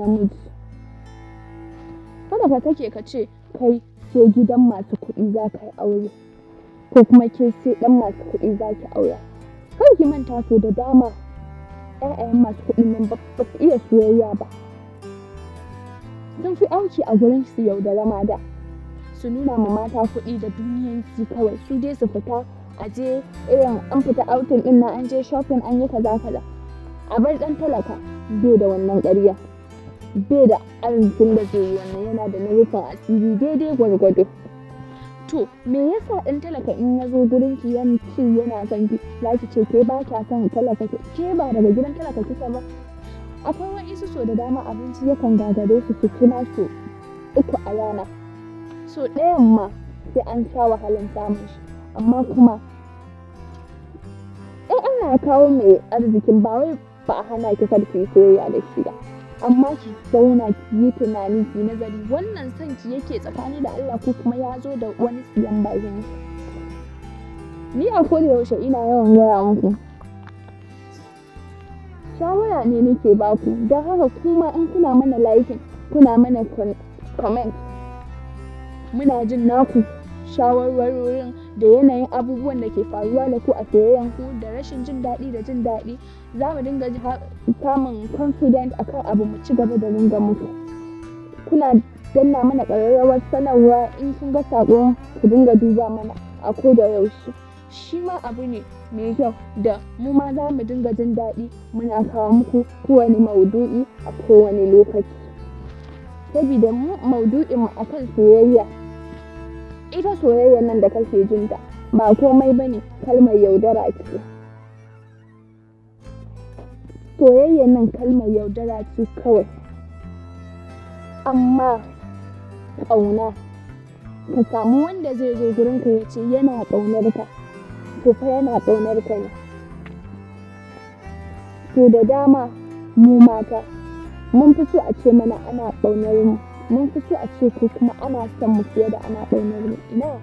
namiji. Kada ka take ka ce kai ke gidan masu kuɗi za ka yi aure ko kuma ke ce ɗan masu kuɗi za ki aure. Kar ki manta sau da dama ‘ya'yayen masu kuɗi nan ba su iya soyayya ba. Sun fi auki a gurin su yaudara da da. Su nuna ma mata kuɗi da su kawai su dai su fita a je irin an fita outing ɗin na an je shopping an yi kaza kaza. A bar ɗan talaka bai da wannan ƙarya. bai da arzikin da ke yi wannan yana da a asiri daidai gwargwado to me yasa ɗan talaka in ya zo gurin ki yana ci yana son ki ki ce ke ba ki son talaka ke ba daga gidan talaka kika ba akwai su so da dama abinci yakan gagare su su kuma so uku a rana so ɗayan ma sai an sha wahalin samun shi amma kuma in kawo mai arzikin ba wai ba a hana ki sarki soyayya da shi ba amma ki zauna ki yi tunani ki nazari wannan son ki yake tsakani da Allah ko kuma ya zo da wani siyan bayan ni a da yaushe ina yawan gaya muku shawara ne nake baku don haka kuma in kuna mana likin kuna mana comment muna jin naku shawarwarorin da yanayin abubuwan da ke faruwa da ku a soyayyan ku da rashin jin daɗi da jin daɗi za mu dinga samun confident akan abu mu ci gaba da ringa muku kuna danna mana ƙararrawar sanarwa in kun ga saƙo ku dinga duba mana a ko da yaushe shi ma abu ne mai kyau da mu ma za mu dinga jin daɗi muna kawo muku kowane maudu'i a kowane lokaci sabida mu maudu'in mu akan soyayya ita soyayyar nan da kake jinta ba komai ba ne kalmar yaudara ce soyayyar nan kalmar yaudara ce kawai amma ƙauna ka samu wanda zai zo gurinka ya ce yana ƙaunar ka to fa yana ƙaunar ka ne to da dama mu mata mun fi so a ce mana ana ƙaunar mu mun fi so a ce ko kuma ana son mu fiye da ana ƙaunar mu. Ina!